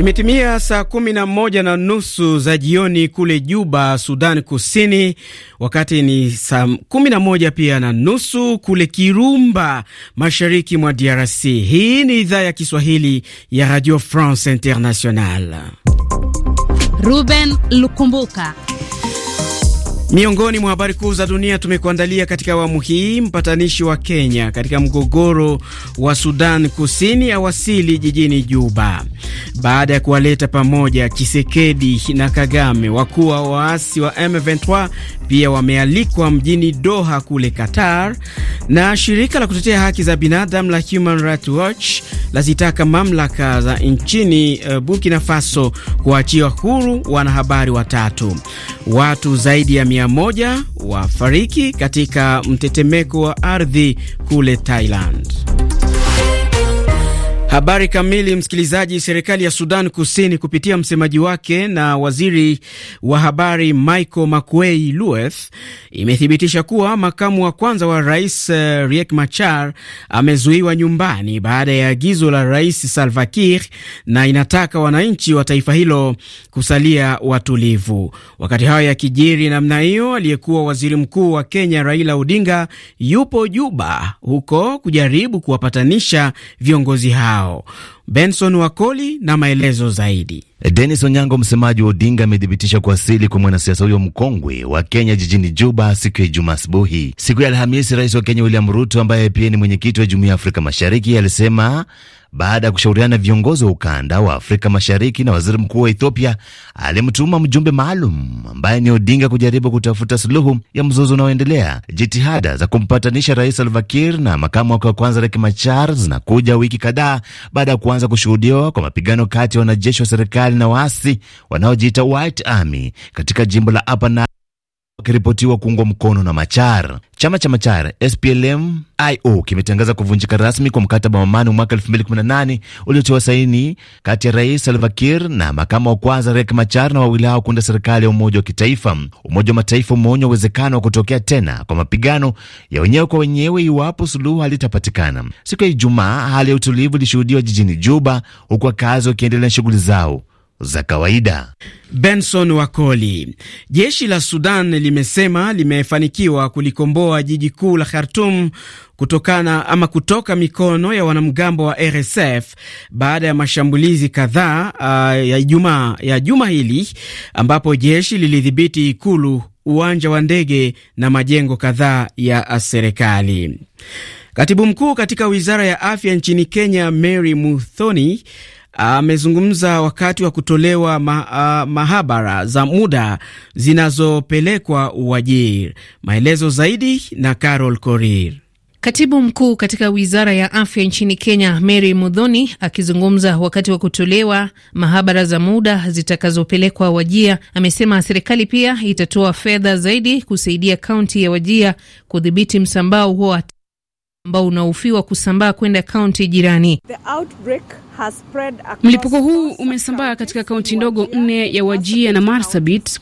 Imetimia saa kumi na moja na nusu za jioni kule Juba, Sudan Kusini, wakati ni saa kumi na moja pia na nusu kule Kirumba, mashariki mwa DRC. Hii ni idhaa ya Kiswahili ya Radio France international Ruben Lukumbuka Miongoni mwa habari kuu za dunia tumekuandalia katika awamu hii. Mpatanishi wa Kenya katika mgogoro wa Sudan Kusini awasili jijini Juba baada ya kuwaleta pamoja Chisekedi na Kagame. Wakuu wa waasi wa M23 pia wamealikwa mjini Doha kule Qatar, na shirika la kutetea haki za binadamu la Human Rights Watch lazitaka mamlaka za nchini uh, Burkina Faso kuachia huru wanahabari watatu. Watu zaidi ya mia moja wafariki katika mtetemeko wa ardhi kule Thailand. Habari kamili, msikilizaji. Serikali ya Sudan Kusini kupitia msemaji wake na waziri wa habari Michael Makuei Lueth imethibitisha kuwa makamu wa kwanza wa rais eh, Riek Machar amezuiwa nyumbani baada ya agizo la rais Salva Kiir, na inataka wananchi wa taifa hilo kusalia watulivu. Wakati hayo yakijiri namna hiyo, aliyekuwa waziri mkuu wa Kenya Raila Odinga yupo Juba huko kujaribu kuwapatanisha viongozi hao yao. Benson Wakoli na maelezo zaidi. Denis Onyango, msemaji wa Odinga, amethibitisha kuwasili kwa mwanasiasa huyo mkongwe wa Kenya jijini Juba siku ya Ijumaa asubuhi. Siku ya Alhamisi, rais wa Kenya William Ruto, ambaye pia ni mwenyekiti wa Jumuiya ya Afrika Mashariki, alisema baada ya kushauriana viongozi wa ukanda wa Afrika Mashariki na waziri mkuu wa Ethiopia alimtuma mjumbe maalum ambaye ni Odinga kujaribu kutafuta suluhu ya mzozo unaoendelea. Jitihada za kumpatanisha Rais Salva Kiir na makamu wake wa kwanza Riek Machar zinakuja wiki kadhaa baada ya kuanza kushuhudiwa kwa mapigano kati ya wanajeshi wa serikali na waasi wanaojiita White Army katika jimbo la Upper wakiripotiwa kuungwa mkono na Machar. Chama cha Machar SPLM IO kimetangaza kuvunjika rasmi kwa mkataba wa amani mwaka 2018 uliotiwa saini kati ya Rais Salva Kiir na makamu wa kwanza Riek Machar na wawili hao kuunda serikali ya umoja wa kitaifa. Umoja wa Mataifa umeonya uwezekano wa kutokea tena kwa mapigano ya wenyewe kwa wenyewe iwapo suluhu halitapatikana. Siku ya Ijumaa, hali ya utulivu ilishuhudiwa jijini Juba, huku wakazi wakiendelea na shughuli zao za kawaida. Benson Wakoli. Jeshi la Sudan limesema limefanikiwa kulikomboa jiji kuu la Khartum kutokana ama kutoka mikono ya wanamgambo wa RSF baada ya mashambulizi kadhaa uh, ya juma ya juma hili ambapo jeshi lilidhibiti ikulu, uwanja wa ndege na majengo kadhaa ya serikali. Katibu mkuu katika wizara ya afya nchini Kenya Mary Muthoni amezungumza wakati wa kutolewa ma, a, mahabara za muda zinazopelekwa Uajir. Maelezo zaidi na Carol Korir. Katibu mkuu katika wizara ya afya nchini Kenya, Mary Mudhoni, akizungumza wakati wa kutolewa mahabara za muda zitakazopelekwa Wajia, amesema serikali pia itatoa fedha zaidi kusaidia kaunti ya Wajia kudhibiti msambao huo ambao unahofiwa kusambaa kwenda kaunti jirani. Mlipuko huu umesambaa katika kaunti ndogo nne ya Wajia na Marsabit.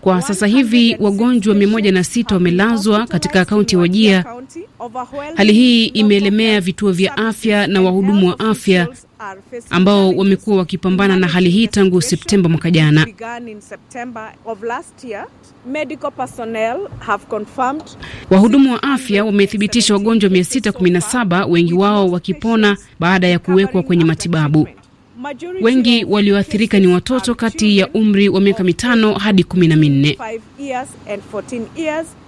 Kwa sasa hivi wagonjwa sita wamelazwa katika kaunti ya Wajia. Hali hii imeelemea vituo vya afya na wahudumu wa afya ambao wamekuwa wakipambana na hali hii tangu Septemba mwaka jana. Wahudumu wa afya wamethibitisha wagonjwa 617 wengi wao wakipona baada ya kuwekwa kwenye matibabu. Wengi walioathirika ni watoto kati ya umri wa miaka mitano hadi kumi na minne.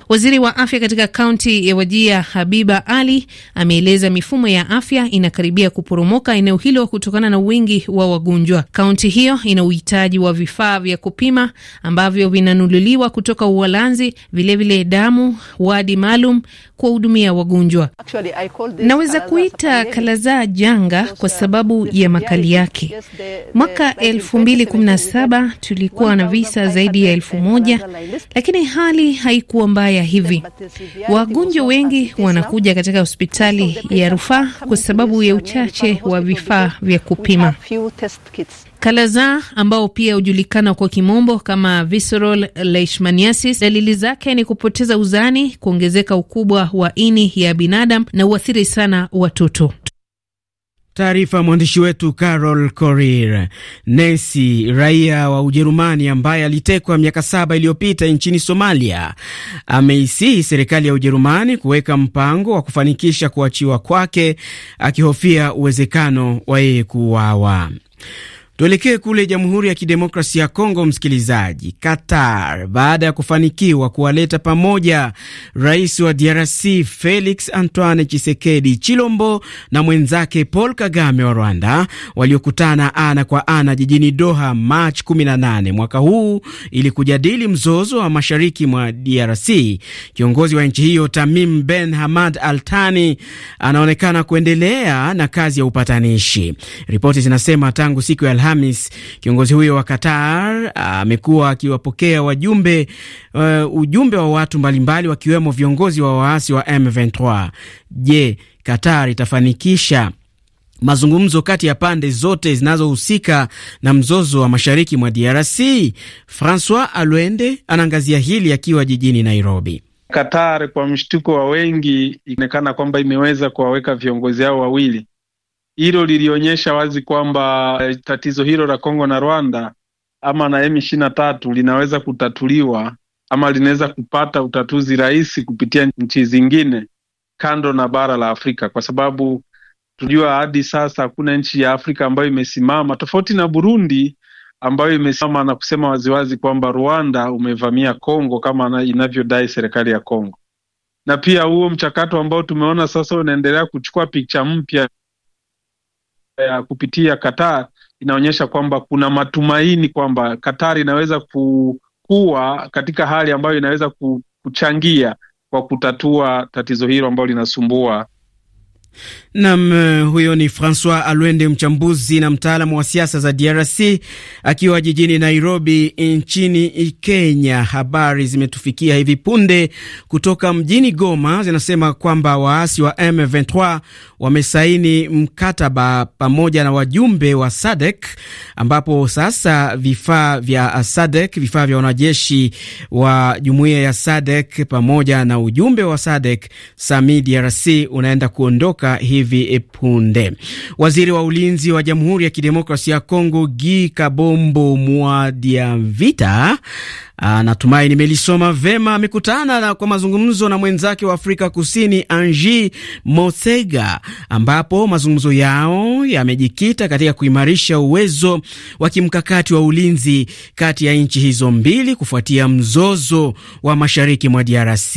Waziri wa afya katika kaunti ya Wajia, Habiba Ali, ameeleza mifumo ya afya inakaribia kuporomoka eneo hilo kutokana na wingi wa wagonjwa. Kaunti hiyo ina uhitaji wa vifaa vya kupima ambavyo vinanululiwa kutoka Uholanzi, vilevile damu, wadi maalum kuwahudumia wagonjwa. Naweza kuita Kalazaa janga kwa uh, sababu ya makali yake. Mwaka elfu mbili kumi na saba tulikuwa na visa zaidi ya elfu moja lakini hali haikuwa mbaya inaendelea hivi. Wagonjwa wengi wanakuja katika hospitali ya rufaa kwa sababu ya uchache wa vifaa vya kupima. Kalaza ambao pia hujulikana kwa kimombo kama visceral leishmaniasis, dalili zake ni kupoteza uzani, kuongezeka ukubwa wa ini ya binadamu na huathiri sana watoto. Taarifa mwandishi wetu Carol Korir. Nesi, raia wa Ujerumani ambaye alitekwa miaka saba iliyopita nchini Somalia, ameisihi serikali ya Ujerumani kuweka mpango wa kufanikisha kuachiwa kwake, akihofia uwezekano wa yeye kuuawa. Tuelekee kule Jamhuri ya Kidemokrasia ya Kongo, msikilizaji. Qatar, baada ya kufanikiwa kuwaleta pamoja rais wa DRC Felix Antoine Chisekedi Chilombo na mwenzake Paul Kagame wa Rwanda, waliokutana ana kwa ana jijini Doha Machi 18 mwaka huu ili kujadili mzozo wa mashariki mwa DRC. Kiongozi wa nchi hiyo Tamim Ben Hamad Altani anaonekana kuendelea na kazi ya upatanishi. Ripoti zinasema tangu siku ya Alhamis. Kiongozi huyo wa Qatar ah, amekuwa akiwapokea wajumbe uh, ujumbe wa watu mbalimbali wakiwemo viongozi wa waasi wa M23. Je, Qatar itafanikisha mazungumzo kati ya pande zote zinazohusika na mzozo wa mashariki mwa DRC? Francois Alwende anaangazia hili akiwa jijini Nairobi. Qatar kwa mshtuko wa wengi, inaonekana kwamba imeweza kuwaweka viongozi hao wawili hilo lilionyesha wazi kwamba eh, tatizo hilo la Kongo na Rwanda ama na M 23 na tatu linaweza kutatuliwa ama linaweza kupata utatuzi rahisi kupitia nchi zingine kando na bara la Afrika, kwa sababu tujua hadi sasa hakuna nchi ya Afrika ambayo imesimama tofauti na Burundi ambayo imesimama na kusema waziwazi kwamba Rwanda umevamia Kongo kama inavyodai serikali ya Kongo. Na pia huo mchakato ambao tumeona sasa unaendelea kuchukua picha mpya ya kupitia Qatar inaonyesha kwamba kuna matumaini kwamba Qatar inaweza kukua katika hali ambayo inaweza kuchangia kwa kutatua tatizo hilo ambalo linasumbua Nam, eh, huyo ni Francois Alwende, mchambuzi na mtaalamu wa siasa za DRC akiwa jijini Nairobi nchini Kenya. Habari zimetufikia hivi punde kutoka mjini Goma zinasema kwamba waasi wa M23 wamesaini mkataba pamoja na wajumbe wa SADEK ambapo sasa vifaa vya SADEK, vifaa vya wanajeshi wa jumuiya ya SADEK pamoja na ujumbe wa SADEK Sami DRC unaenda kuondoka kutoka hivi punde. Waziri wa ulinzi wa Jamhuri ya Kidemokrasia ya Kongo gi Kabombo Mwadiavita natumai nimelisoma vema, amekutana na kwa mazungumzo na mwenzake wa Afrika Kusini anji Mosega, ambapo mazungumzo yao yamejikita katika kuimarisha uwezo wa kimkakati wa ulinzi kati ya nchi hizo mbili kufuatia mzozo wa mashariki mwa DRC.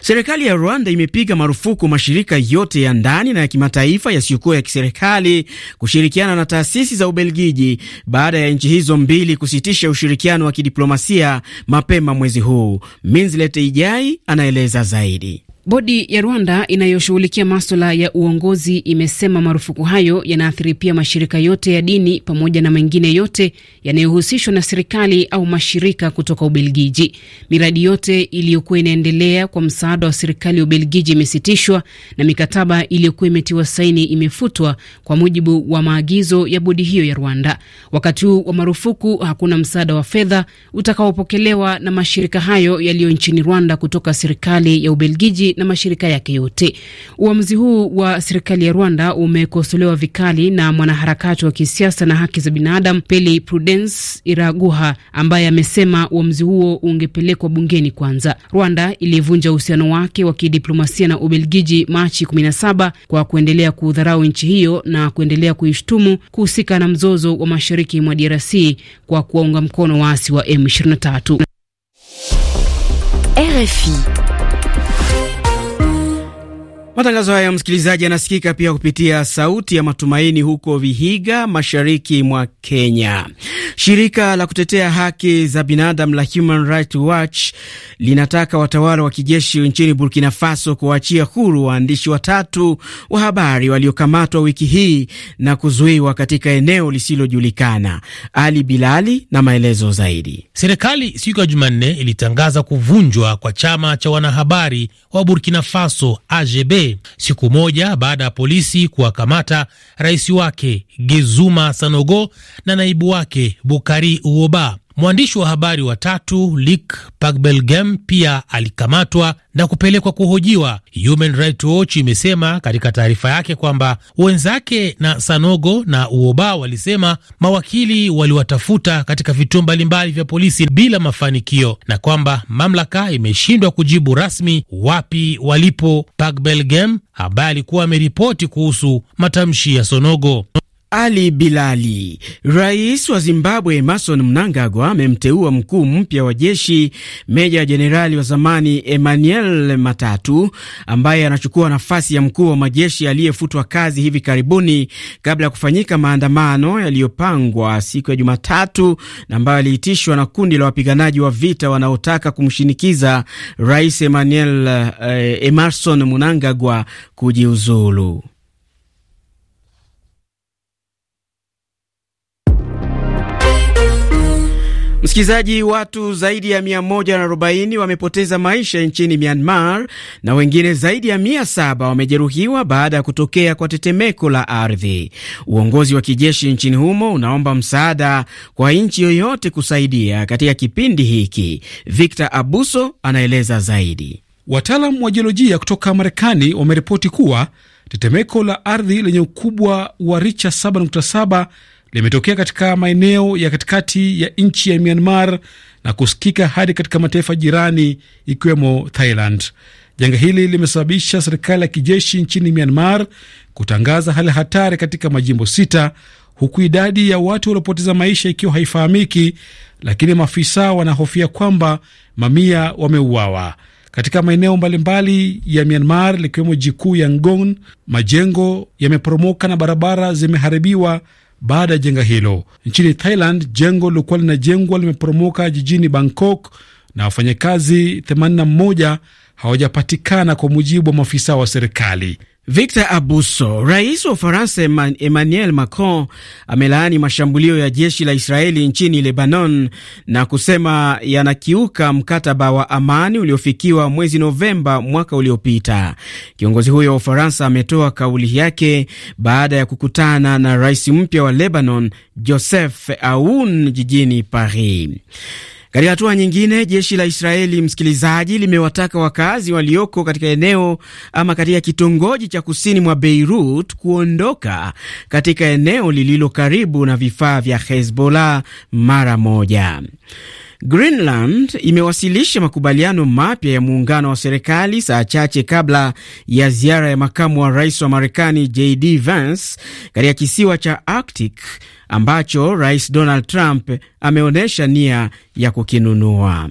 Serikali ya Rwanda imepiga marufuku mashirika yote ya ndani na ya kimataifa yasiyokuwa ya kiserikali kushirikiana na taasisi za Ubelgiji baada ya nchi hizo mbili kusitisha ushirikiano wa kidiplomasia mapema mwezi huu. minlet Ijai anaeleza zaidi. Bodi ya Rwanda inayoshughulikia maswala ya uongozi imesema marufuku hayo yanaathiri pia mashirika yote ya dini pamoja na mengine yote yanayohusishwa na serikali au mashirika kutoka Ubelgiji. Miradi yote iliyokuwa inaendelea kwa msaada wa serikali ya Ubelgiji imesitishwa na mikataba iliyokuwa imetiwa saini imefutwa kwa mujibu wa maagizo ya bodi hiyo ya Rwanda. Wakati huu wa marufuku, hakuna msaada wa fedha utakaopokelewa na mashirika hayo yaliyo nchini Rwanda kutoka serikali ya Ubelgiji na mashirika yake yote. Uamuzi huu wa serikali ya Rwanda umekosolewa vikali na mwanaharakati wa kisiasa na haki za binadamu Peli Prudence Iraguha ambaye amesema uamuzi huo ungepelekwa bungeni kwanza. Rwanda ilivunja uhusiano wake wa kidiplomasia na Ubelgiji Machi 17 kwa kuendelea kudharau nchi hiyo na kuendelea kuishtumu kuhusika na mzozo wa mashariki mwa DRC kwa kuwaunga mkono waasi wa M23. RFI Matangazo haya msikilizaji, yanasikika pia kupitia Sauti ya Matumaini huko Vihiga, mashariki mwa Kenya. Shirika la kutetea haki za binadamu la Human Rights Watch linataka watawala wa kijeshi nchini Burkina Faso kuwaachia huru waandishi watatu wa habari waliokamatwa wiki hii na kuzuiwa katika eneo lisilojulikana. Ali Bilali na maelezo zaidi. Serikali siku ya Jumanne ilitangaza kuvunjwa kwa chama cha wanahabari wa Burkina Faso AGB siku moja baada ya polisi kuwakamata rais wake Gezuma Sanogo na naibu wake Bukari Uoba Mwandishi wa habari watatu Lik Pagbelgem pia alikamatwa na kupelekwa kuhojiwa. Human Rights Watch imesema katika taarifa yake kwamba wenzake na Sanogo na Uoba walisema mawakili waliwatafuta katika vituo mbalimbali vya polisi bila mafanikio, na kwamba mamlaka imeshindwa kujibu rasmi wapi walipo Pagbelgem ambaye alikuwa ameripoti kuhusu matamshi ya Sonogo. Ali Bilali. Rais wa Zimbabwe emerson Mnangagwa amemteua mkuu mpya wa jeshi meja jenerali wa zamani Emmanuel Matatu ambaye anachukua nafasi ya mkuu wa majeshi aliyefutwa kazi hivi karibuni kabla ya kufanyika maandamano yaliyopangwa siku ya Jumatatu na ambayo aliitishwa na kundi la wapiganaji wa vita wanaotaka kumshinikiza Rais Emmanuel, eh, Emerson Mnangagwa kujiuzulu. Msikilizaji, watu zaidi ya 140 wamepoteza maisha nchini Myanmar na wengine zaidi ya 700 wamejeruhiwa baada ya kutokea kwa tetemeko la ardhi. Uongozi wa kijeshi nchini humo unaomba msaada kwa nchi yoyote kusaidia katika kipindi hiki. Victor Abuso anaeleza zaidi. Wataalam wa jiolojia kutoka Marekani wameripoti kuwa tetemeko la ardhi lenye ukubwa wa richa 7.7 limetokea katika maeneo ya katikati ya nchi ya Myanmar na kusikika hadi katika mataifa jirani ikiwemo Thailand. Janga hili limesababisha serikali ya kijeshi nchini Myanmar kutangaza hali hatari katika majimbo sita, huku idadi ya watu waliopoteza maisha ikiwa haifahamiki, lakini maafisa wanahofia kwamba mamia wameuawa katika maeneo mbalimbali ya Myanmar likiwemo jikuu ya Yangon. Majengo yameporomoka na barabara zimeharibiwa baada ya jenga hilo. Nchini Thailand, jengo lilokuwa linajengwa limeporomoka jijini Bangkok na wafanyakazi 81 hawajapatikana kwa mujibu wa maafisa wa serikali. Victor Abuso. Rais wa Ufaransa Emmanuel Macron amelaani mashambulio ya jeshi la Israeli nchini Lebanon na kusema yanakiuka mkataba wa amani uliofikiwa mwezi Novemba mwaka uliopita. Kiongozi huyo wa Ufaransa ametoa kauli yake baada ya kukutana na rais mpya wa Lebanon Joseph Aoun jijini Paris. Katika hatua nyingine, jeshi la Israeli, msikilizaji, limewataka wakazi walioko katika eneo ama katika kitongoji cha kusini mwa Beirut kuondoka katika eneo lililo karibu na vifaa vya Hezbollah mara moja. Greenland imewasilisha makubaliano mapya ya muungano wa serikali saa chache kabla ya ziara ya makamu wa rais wa Marekani JD Vance katika kisiwa cha Arctic ambacho Rais Donald Trump ameonyesha nia ya kukinunua.